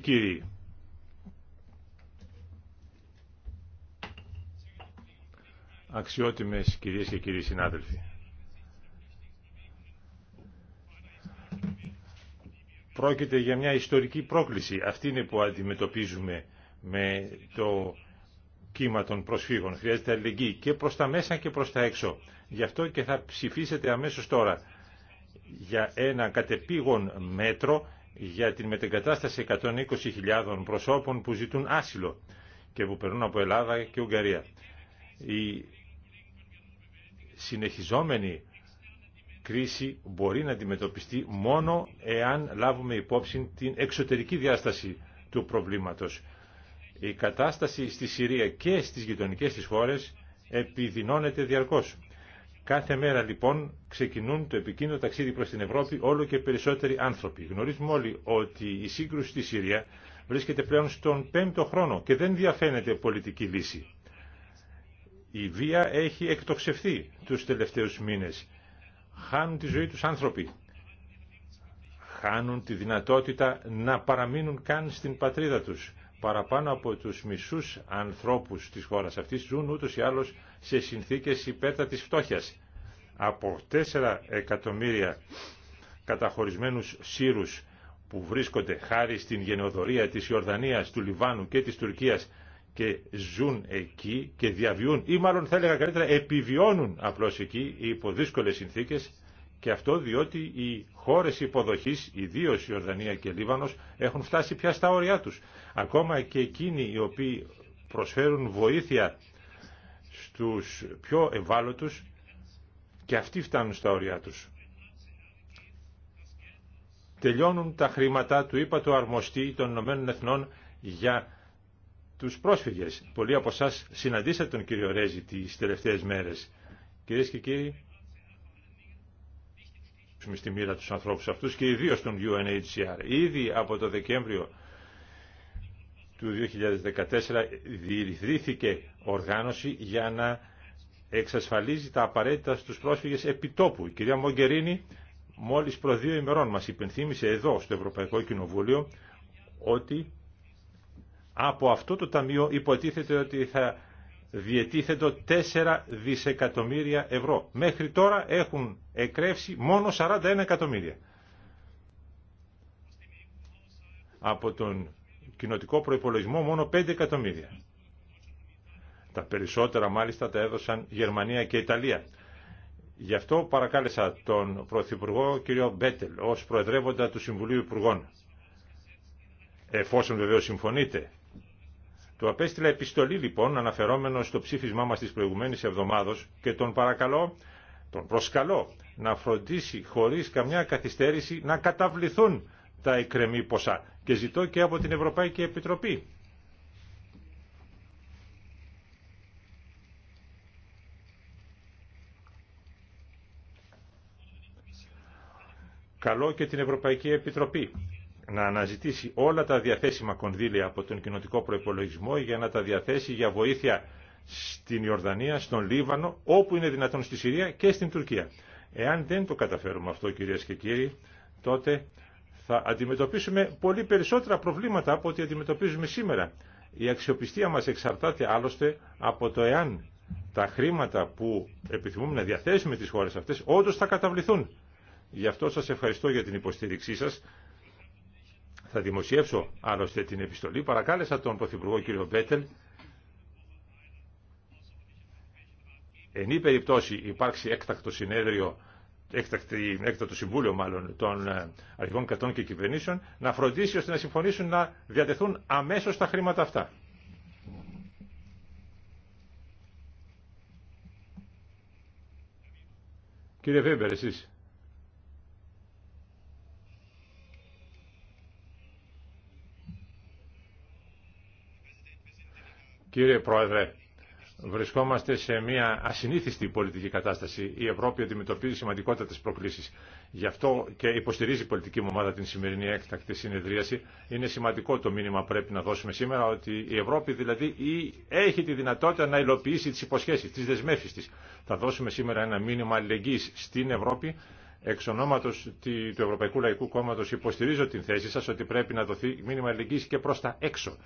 Κύριοι, αξιότιμες κυρίες και κύριοι συνάδελφοι, πρόκειται για μια ιστορική πρόκληση. Αυτή είναι που αντιμετωπίζουμε με το κύμα των προσφύγων. Χρειάζεται αλληλεγγύη και προς τα μέσα και προς τα έξω. Γι' αυτό και θα ψηφίσετε αμέσως τώρα για ένα κατεπήγον μέτρο για την μετεγκατάσταση 120.000 προσώπων που ζητούν άσυλο και που περνούν από Ελλάδα και Ουγγαρία. Η συνεχιζόμενη κρίση μπορεί να αντιμετωπιστεί μόνο εάν λάβουμε υπόψη την εξωτερική διάσταση του προβλήματος. Η κατάσταση στη Συρία και στις γειτονικές της χώρες επιδεινώνεται διαρκώς. Κάθε μέρα λοιπόν ξεκινούν το επικίνδυνο ταξίδι προς την Ευρώπη όλο και περισσότεροι άνθρωποι. Γνωρίζουμε όλοι ότι η σύγκρουση στη Συρία βρίσκεται πλέον στον πέμπτο χρόνο και δεν διαφαίνεται πολιτική λύση. Η βία έχει εκτοξευθεί τους τελευταίους μήνες. Χάνουν τη ζωή τους άνθρωποι. Χάνουν τη δυνατότητα να παραμείνουν καν στην πατρίδα τους. Παραπάνω από τους μισούς ανθρώπους της χώρας αυτής ζουν ούτως ή άλλως σε συνθήκες υπέρτατης φτώχειας. Από 4 εκατομμύρια καταχωρισμένους Σύρους που βρίσκονται χάρη στην γενεοδορία της Ιορδανίας, του Λιβάνου και της Τουρκίας και ζουν εκεί και διαβιούν ή μάλλον θα έλεγα καλύτερα επιβιώνουν απλώς εκεί υπό δύσκολες συνθήκες και αυτό διότι οι χώρες υποδοχής, ιδίω η Ορδανία και Λίβανος, έχουν φτάσει πια στα όρια τους. Ακόμα και εκείνοι οι οποίοι προσφέρουν βοήθεια στους πιο ευάλωτους και αυτοί φτάνουν στα όρια τους. Τελειώνουν τα χρήματα του είπα του αρμοστή των Ηνωμένων Εθνών για τους πρόσφυγες. Πολλοί από εσά συναντήσατε τον κύριο Ρέζη τις τελευταίες μέρες. Κυρίες και κύριοι, στη μοίρα τους ανθρώπους αυτούς και ιδίω τον UNHCR. Ήδη από το Δεκέμβριο του 2014 διηρηθήθηκε οργάνωση για να εξασφαλίζει τα απαραίτητα στους πρόσφυγες επιτόπου. Η κυρία Μογκερίνη μόλις προ δύο ημερών μας υπενθύμησε εδώ στο Ευρωπαϊκό Κοινοβούλιο ότι από αυτό το ταμείο υποτίθεται ότι θα διετίθετο 4 δισεκατομμύρια ευρώ. Μέχρι τώρα έχουν εκρέψει μόνο 41 εκατομμύρια. Από τον κοινοτικό προϋπολογισμό μόνο 5 εκατομμύρια. Τα περισσότερα μάλιστα τα έδωσαν Γερμανία και Ιταλία. Γι' αυτό παρακάλεσα τον Πρωθυπουργό κ. Μπέτελ ως Προεδρεύοντα του Συμβουλίου Υπουργών. Εφόσον βεβαίως συμφωνείτε του απέστειλα επιστολή λοιπόν αναφερόμενο στο ψήφισμά μας της προηγουμένης εβδομάδος και τον παρακαλώ, τον προσκαλώ να φροντίσει χωρίς καμιά καθυστέρηση να καταβληθούν τα εκκρεμή ποσά και ζητώ και από την Ευρωπαϊκή Επιτροπή. Καλό και την Ευρωπαϊκή Επιτροπή να αναζητήσει όλα τα διαθέσιμα κονδύλια από τον κοινοτικό προϋπολογισμό για να τα διαθέσει για βοήθεια στην Ιορδανία, στον Λίβανο, όπου είναι δυνατόν στη Συρία και στην Τουρκία. Εάν δεν το καταφέρουμε αυτό κυρίες και κύριοι, τότε θα αντιμετωπίσουμε πολύ περισσότερα προβλήματα από ό,τι αντιμετωπίζουμε σήμερα. Η αξιοπιστία μας εξαρτάται άλλωστε από το εάν τα χρήματα που επιθυμούμε να διαθέσουμε τις χώρες αυτές όντως θα καταβληθούν. Γι' αυτό σας ευχαριστώ για την υποστήριξή σας θα δημοσιεύσω άλλωστε την επιστολή. Παρακάλεσα τον Πρωθυπουργό κ. Μπέτελ ενή περιπτώσει υπάρξει έκτακτο συνέδριο, έκτακτη, έκτακτο συμβούλιο μάλλον των ε, αρχηγών κατών και κυβερνήσεων, να φροντίσει ώστε να συμφωνήσουν να διατεθούν αμέσως τα χρήματα αυτά. Κύριε Βέμπερ, εσείς. Κύριε Πρόεδρε, βρισκόμαστε σε μια ασυνήθιστη πολιτική κατάσταση. Η Ευρώπη αντιμετωπίζει σημαντικότατε προκλήσει. Γι' αυτό και υποστηρίζει η πολιτική μου ομάδα την σημερινή έκτακτη συνεδρίαση. Είναι σημαντικό το μήνυμα πρέπει να δώσουμε σήμερα ότι η Ευρώπη δηλαδή έχει τη δυνατότητα να υλοποιήσει τι υποσχέσει, τι δεσμεύσει τη. Θα δώσουμε σήμερα ένα μήνυμα αλληλεγγύη στην Ευρώπη. Εξ ονόματο του Ευρωπαϊκού Λαϊκού Κόμματο υποστηρίζω την θέση σα ότι πρέπει να δοθεί μήνυμα αλληλεγγύη και προ τα έξω.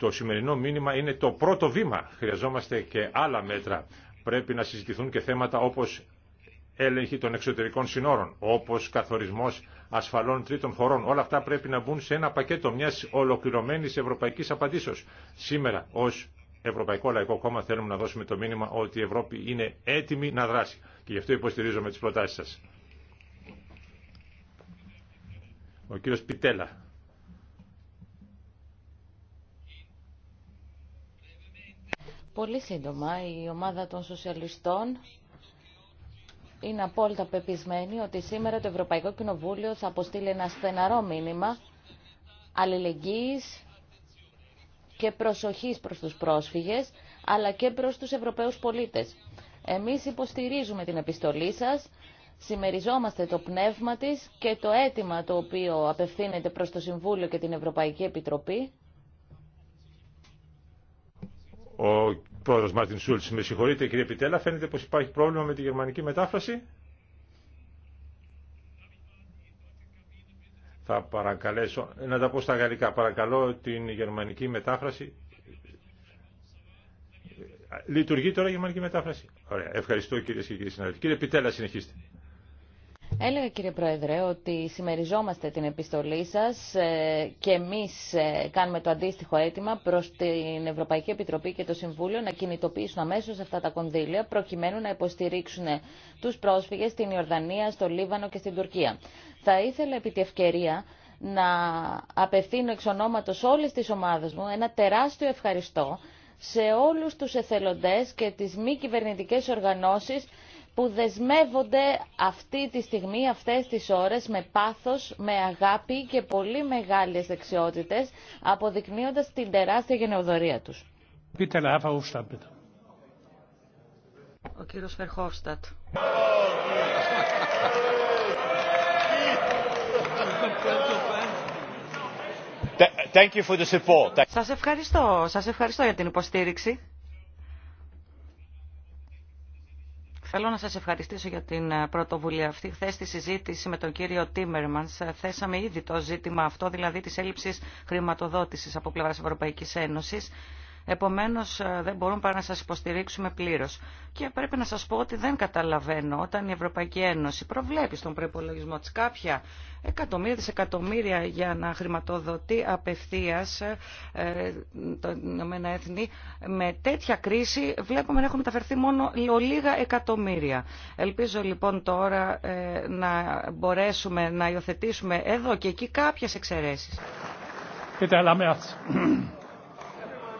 Το σημερινό μήνυμα είναι το πρώτο βήμα. Χρειαζόμαστε και άλλα μέτρα. Πρέπει να συζητηθούν και θέματα όπως έλεγχη των εξωτερικών συνόρων, όπως καθορισμός ασφαλών τρίτων χωρών. Όλα αυτά πρέπει να μπουν σε ένα πακέτο μιας ολοκληρωμένης ευρωπαϊκής απαντήσεως. Σήμερα, ως Ευρωπαϊκό Λαϊκό Κόμμα, θέλουμε να δώσουμε το μήνυμα ότι η Ευρώπη είναι έτοιμη να δράσει. Και γι' αυτό υποστηρίζομαι τις προτάσεις σας. Ο κύριος Πιτέλα. Πολύ σύντομα, η ομάδα των σοσιαλιστών είναι απόλυτα πεπισμένη ότι σήμερα το Ευρωπαϊκό Κοινοβούλιο θα αποστείλει ένα στεναρό μήνυμα αλληλεγγύης και προσοχής προς τους πρόσφυγες, αλλά και προς τους Ευρωπαίους πολίτες. Εμείς υποστηρίζουμε την επιστολή σας, συμμεριζόμαστε το πνεύμα της και το αίτημα το οποίο απευθύνεται προς το Συμβούλιο και την Ευρωπαϊκή Επιτροπή ο πρόεδρος Μάρτιν Σούλτ. με συγχωρείτε κύριε Πιτέλα, φαίνεται πως υπάρχει πρόβλημα με τη γερμανική μετάφραση. Θα παρακαλέσω, να τα πω στα γαλλικά, παρακαλώ την γερμανική μετάφραση. Λειτουργεί τώρα η γερμανική μετάφραση. Ωραία, ευχαριστώ κύριε και κύριοι συνάδελφοι. Κύριε Πιτέλα, συνεχίστε. Έλεγα κύριε Πρόεδρε ότι συμμεριζόμαστε την επιστολή σας ε, και εμείς ε, κάνουμε το αντίστοιχο αίτημα προς την Ευρωπαϊκή Επιτροπή και το Συμβούλιο να κινητοποιήσουν αμέσως αυτά τα κονδύλια προκειμένου να υποστηρίξουν τους πρόσφυγες στην Ιορδανία, στο Λίβανο και στην Τουρκία. Θα ήθελα επί τη ευκαιρία να απευθύνω εξ ονόματος όλης της μου ένα τεράστιο ευχαριστώ σε όλους τους εθελοντές και τις μη κυβερνητικές οργανώσεις που δεσμεύονται αυτή τη στιγμή, αυτές τις ώρες, με πάθος, με αγάπη και πολύ μεγάλες δεξιότητες, αποδεικνύοντας την τεράστια γενεοδορία τους. Ο κύριος Thank you for the support. Σας ευχαριστώ. Σας ευχαριστώ για την υποστήριξη. Θέλω να σας ευχαριστήσω για την ε, πρωτοβουλία αυτή. Χθε στη συζήτηση με τον κύριο Τίμερμανς ε, θέσαμε ήδη το ζήτημα αυτό, δηλαδή της έλλειψης χρηματοδότησης από πλευράς Ευρωπαϊκής Ένωσης Επομένως ε, δεν μπορούμε παρά να σας υποστηρίξουμε πλήρως. Και πρέπει να σας πω ότι δεν καταλαβαίνω όταν η Ευρωπαϊκή Ένωση προβλέπει στον προπολογισμό τη κάποια εκατομμύρια δισεκατομμύρια για να χρηματοδοτεί απευθεία ε, το Ηνωμένα Έθνη. Με τέτοια κρίση βλέπουμε να έχουν μεταφερθεί μόνο λίγα εκατομμύρια. Ελπίζω λοιπόν τώρα ε, να μπορέσουμε να υιοθετήσουμε εδώ και εκεί κάποιες εξαιρέσεις.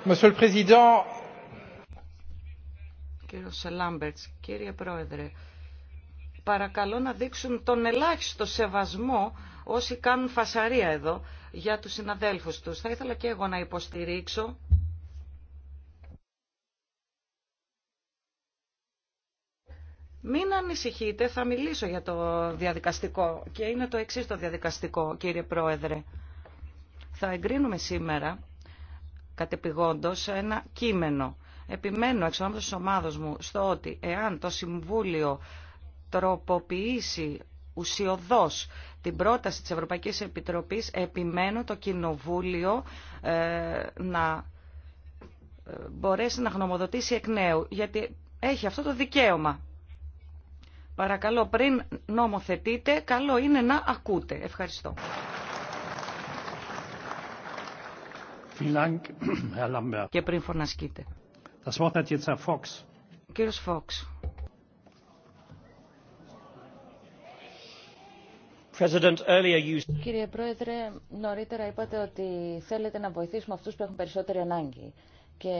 Monsieur le Président. κύριε Πρόεδρε, παρακαλώ να δείξουν τον ελάχιστο σεβασμό όσοι κάνουν φασαρία εδώ για τους συναδέλφους τους. Θα ήθελα και εγώ να υποστηρίξω Μην ανησυχείτε, θα μιλήσω για το διαδικαστικό και είναι το εξής το διαδικαστικό κύριε Πρόεδρε. Θα εγκρίνουμε σήμερα κατεπηγόντως ένα κείμενο. Επιμένω εξ ονόματος της ομάδος μου στο ότι εάν το Συμβούλιο τροποποιήσει ουσιοδός την πρόταση της Ευρωπαϊκής Επιτροπής, επιμένω το Κοινοβούλιο ε, να ε, μπορέσει να γνωμοδοτήσει εκ νέου, γιατί έχει αυτό το δικαίωμα. Παρακαλώ, πριν νομοθετείτε, καλό είναι να ακούτε. Ευχαριστώ. Και πριν φωνασκείτε. Ο κύριος Φόξ. Κύριε Πρόεδρε, νωρίτερα είπατε ότι θέλετε να βοηθήσουμε αυτούς που έχουν περισσότερη ανάγκη. Και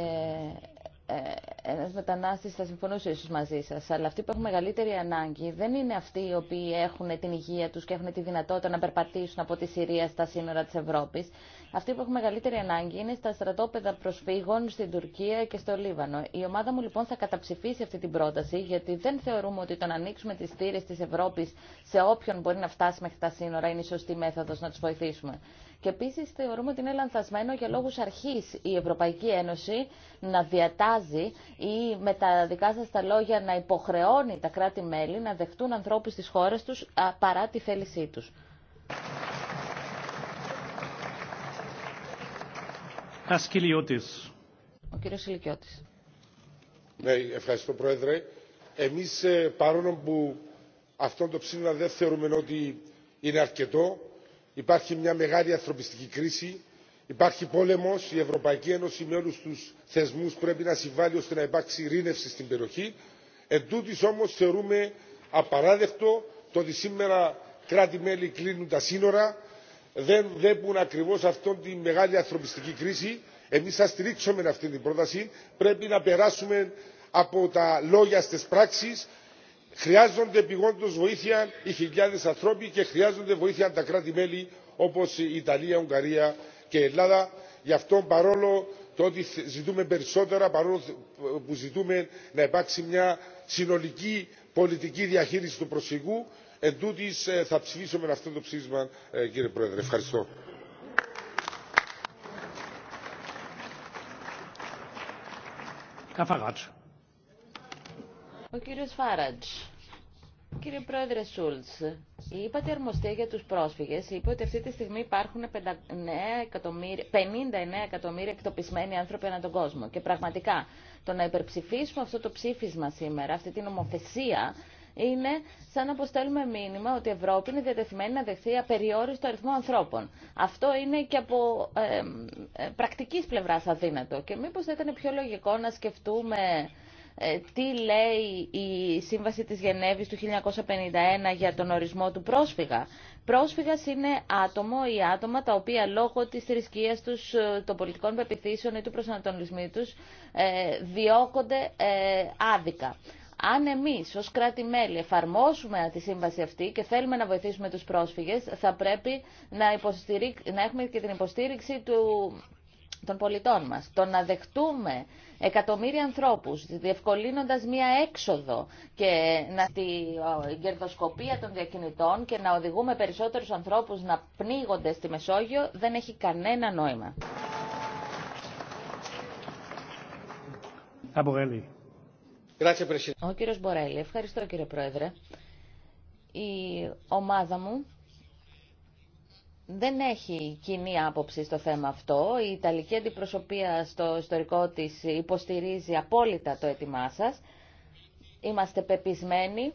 ε, Ένα μετανάστη θα συμφωνούσε ίσω μαζί σα. αλλά αυτοί που έχουν μεγαλύτερη ανάγκη δεν είναι αυτοί οι οποίοι έχουν την υγεία του και έχουν τη δυνατότητα να περπατήσουν από τη Συρία στα σύνορα τη Ευρώπη. Αυτοί που έχουν μεγαλύτερη ανάγκη είναι στα στρατόπεδα προσφύγων στην Τουρκία και στο Λίβανο. Η ομάδα μου λοιπόν θα καταψηφίσει αυτή την πρόταση, γιατί δεν θεωρούμε ότι το να ανοίξουμε τι στήρες τη Ευρώπη σε όποιον μπορεί να φτάσει μέχρι τα σύνορα είναι η σωστή μέθοδο να του βοηθήσουμε. Και επίση θεωρούμε ότι είναι λανθασμένο για λόγου αρχή η Ευρωπαϊκή Ένωση να διατάζει ή με τα δικά σα τα λόγια να υποχρεώνει τα κράτη-μέλη να δεχτούν ανθρώπου στι χώρε του παρά τη θέλησή του. Ο κύριος Ηλικιώτης. Ναι, ευχαριστώ Πρόεδρε. Εμείς ε, παρόλο που αυτό το ψήφισμα δεν θεωρούμε ότι είναι αρκετό, υπάρχει μια μεγάλη ανθρωπιστική κρίση υπάρχει πόλεμος η ευρωπαϊκή ένωση με όλους τους θεσμούς πρέπει να συμβάλλει ώστε να υπάρξει ειρήνευση στην περιοχή εν τούτης όμως θεωρούμε απαράδεκτο το ότι σήμερα κράτη μέλη κλείνουν τα σύνορα δεν βλέπουν ακριβώς αυτήν τη μεγάλη ανθρωπιστική κρίση εμείς θα στηρίξουμε αυτή την πρόταση πρέπει να περάσουμε από τα λόγια στις πράξεις Χρειάζονται επιγόντως βοήθεια οι χιλιάδες ανθρώποι και χρειάζονται βοήθεια τα κράτη-μέλη όπως η Ιταλία, η Ουγγαρία και η Ελλάδα. Γι' αυτό παρόλο το ότι ζητούμε περισσότερα, παρόλο που ζητούμε να υπάρξει μια συνολική πολιτική διαχείριση του προσφυγού, εν τούτης, ε, θα ψηφίσουμε αυτό το ψήφισμα, ε, κύριε Πρόεδρε. Ευχαριστώ. Ο κύριος Φάραντζ. Κύριε Πρόεδρε Σούλτ, η είπατε αρμοστία για του πρόσφυγε είπε ότι αυτή τη στιγμή υπάρχουν 59 εκατομμύρια εκτοπισμένοι άνθρωποι ανά τον κόσμο. Και πραγματικά το να υπερψηφίσουμε αυτό το ψήφισμα σήμερα, αυτή την ομοθεσία, είναι σαν να αποστέλουμε μήνυμα ότι η Ευρώπη είναι διατεθειμένη να δεχθεί απεριόριστο αριθμό ανθρώπων. Αυτό είναι και από ε, ε πρακτική πλευρά αδύνατο. Και μήπω ήταν πιο λογικό να σκεφτούμε ε, τι λέει η Σύμβαση της Γενέβης του 1951 για τον ορισμό του πρόσφυγα. Πρόσφυγας είναι άτομο ή άτομα τα οποία λόγω της θρησκείας τους, ε, των πολιτικών πεπιθήσεων ή του προσανατολισμού τους ε, διώκονται άδικα. Αν εμεί ω κράτη-μέλη εφαρμόσουμε τη σύμβαση αυτή και θέλουμε να βοηθήσουμε του πρόσφυγε, θα πρέπει να, να έχουμε και την υποστήριξη του των πολιτών μας. Το να δεχτούμε εκατομμύρια ανθρώπους διευκολύνοντας μία έξοδο και να τη κερδοσκοπία των διακινητών και να οδηγούμε περισσότερους ανθρώπους να πνίγονται στη Μεσόγειο δεν έχει κανένα νόημα. Ο κύριος Μπορέλη, ευχαριστώ κύριε Πρόεδρε. Η ομάδα μου δεν έχει κοινή άποψη στο θέμα αυτό. Η Ιταλική Αντιπροσωπεία στο ιστορικό της υποστηρίζει απόλυτα το έτοιμά σας. Είμαστε πεπισμένοι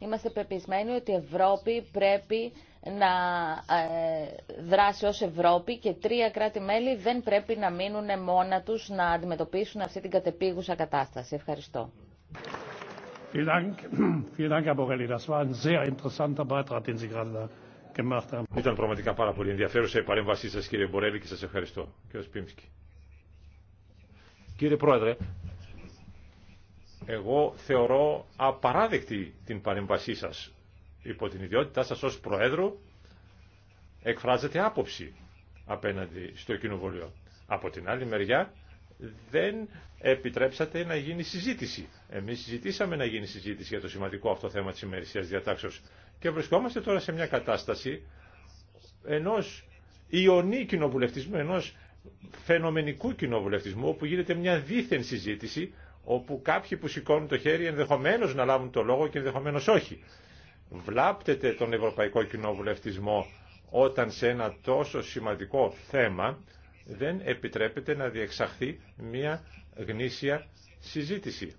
Είμαστε πεπισμένοι ότι η Ευρώπη πρέπει να ε, δράσει ως Ευρώπη και τρία κράτη-μέλη δεν πρέπει να μείνουν μόνα τους να αντιμετωπίσουν αυτή την κατεπίγουσα κατάσταση. Ευχαριστώ. Ήταν πραγματικά πάρα πολύ ενδιαφέρουσα η παρέμβασή σας κύριε Μπορέλη και σας ευχαριστώ. Κύριε Πρόεδρε, εγώ θεωρώ απαράδεκτη την παρέμβασή σας υπό την ιδιότητά σας ως Προέδρου εκφράζεται άποψη απέναντι στο Κοινοβουλίο. Από την άλλη μεριά δεν επιτρέψατε να γίνει συζήτηση. Εμείς συζητήσαμε να γίνει συζήτηση για το σημαντικό αυτό θέμα της ημερησίας διατάξεως και βρισκόμαστε τώρα σε μια κατάσταση ενός ιονή κοινοβουλευτισμού, ενός φαινομενικού κοινοβουλευτισμού όπου γίνεται μια δίθεν συζήτηση όπου κάποιοι που σηκώνουν το χέρι ενδεχομένως να λάβουν το λόγο και ενδεχομένως όχι βλάπτεται τον Ευρωπαϊκό Κοινοβουλευτισμό όταν σε ένα τόσο σημαντικό θέμα δεν επιτρέπεται να διεξαχθεί μια γνήσια συζήτηση.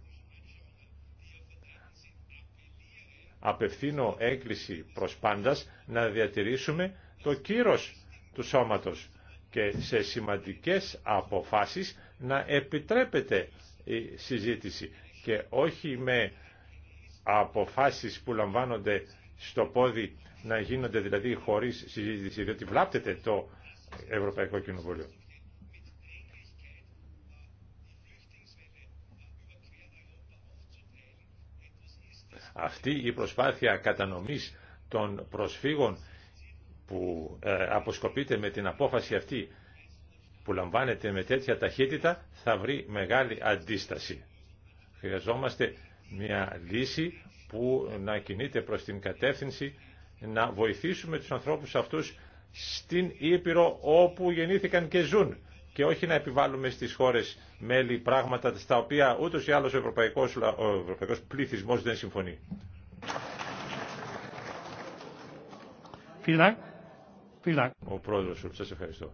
Απευθύνω έκκληση προς πάντας να διατηρήσουμε το κύρος του σώματος και σε σημαντικές αποφάσεις να επιτρέπεται η συζήτηση και όχι με αποφάσεις που λαμβάνονται στο πόδι να γίνονται δηλαδή χωρίς συζήτηση, διότι βλάπτεται το Ευρωπαϊκό Κοινοβούλιο. Αυτή η προσπάθεια κατανομής των προσφύγων που ε, αποσκοπείται με την απόφαση αυτή που λαμβάνεται με τέτοια ταχύτητα θα βρει μεγάλη αντίσταση. Χρειαζόμαστε μια λύση που να κινείται προς την κατεύθυνση να βοηθήσουμε τους ανθρώπους αυτούς στην Ήπειρο όπου γεννήθηκαν και ζουν και όχι να επιβάλλουμε στις χώρες μέλη πράγματα στα οποία ούτως ή άλλως ο ευρωπαϊκός, ο ευρωπαϊκός πληθυσμός δεν συμφωνεί. Ο πρόεδρος, σας ευχαριστώ.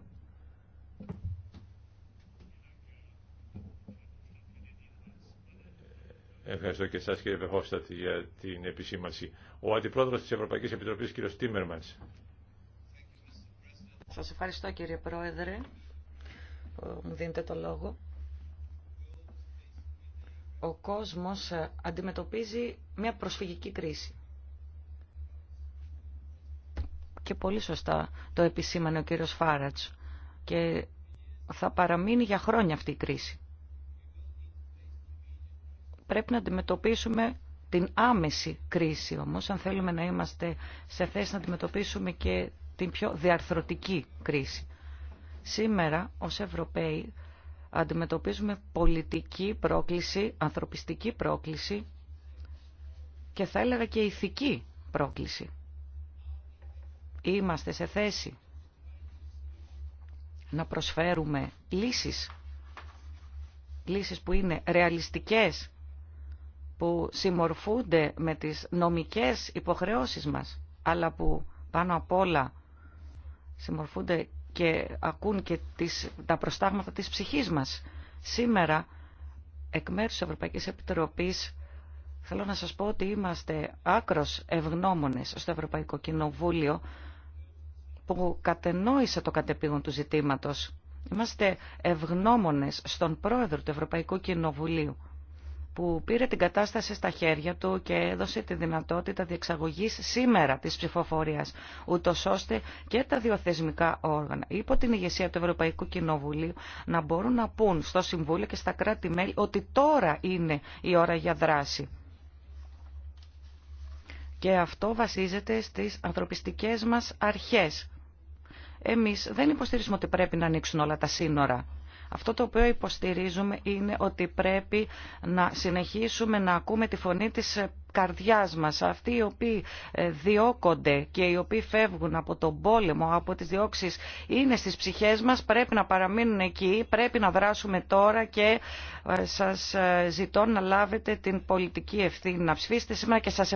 Ευχαριστώ και εσάς κύριε Βεχόστατ για την επισήμανση. Ο Αντιπρόεδρος της Ευρωπαϊκής Επιτροπής κύριος Τίμερμανς. Σας ευχαριστώ κύριε Πρόεδρε που ε, μου δίνετε το λόγο. Ο κόσμος ε, αντιμετωπίζει μια προσφυγική κρίση. Και πολύ σωστά το επισήμανε ο κύριος Φάρατς. Και θα παραμείνει για χρόνια αυτή η κρίση. Πρέπει να αντιμετωπίσουμε την άμεση κρίση όμως, αν θέλουμε να είμαστε σε θέση να αντιμετωπίσουμε και την πιο διαρθρωτική κρίση. Σήμερα ως Ευρωπαίοι αντιμετωπίζουμε πολιτική πρόκληση, ανθρωπιστική πρόκληση και θα έλεγα και ηθική πρόκληση. Είμαστε σε θέση να προσφέρουμε λύσεις, λύσεις που είναι ρεαλιστικές που συμμορφούνται με τις νομικές υποχρεώσεις μας, αλλά που πάνω απ' όλα συμμορφούνται και ακούν και τις, τα προστάγματα της ψυχής μας. Σήμερα, εκ μέρους της Ευρωπαϊκής Επιτροπής, θέλω να σας πω ότι είμαστε άκρος ευγνώμονες στο Ευρωπαϊκό Κοινοβούλιο, που κατενόησε το κατεπήγον του ζητήματος. Είμαστε ευγνώμονες στον πρόεδρο του Ευρωπαϊκού Κοινοβουλίου που πήρε την κατάσταση στα χέρια του και έδωσε τη δυνατότητα διεξαγωγής σήμερα της ψηφοφορίας, ούτω ώστε και τα διοθεσμικά όργανα υπό την ηγεσία του Ευρωπαϊκού Κοινοβουλίου να μπορούν να πούν στο Συμβούλιο και στα κράτη-μέλη ότι τώρα είναι η ώρα για δράση. Και αυτό βασίζεται στις ανθρωπιστικές μας αρχές. Εμείς δεν υποστηρίζουμε ότι πρέπει να ανοίξουν όλα τα σύνορα αυτό το οποίο υποστηρίζουμε είναι ότι πρέπει να συνεχίσουμε να ακούμε τη φωνή της καρδιάς μας, αυτοί οι οποίοι ε, διώκονται και οι οποίοι φεύγουν από τον πόλεμο, από τις διώξεις, είναι στις ψυχές μας, πρέπει να παραμείνουν εκεί, πρέπει να δράσουμε τώρα και ε, σας ε, ζητώ να λάβετε την πολιτική ευθύνη, να ψηφίσετε σήμερα και σας ευχαριστώ.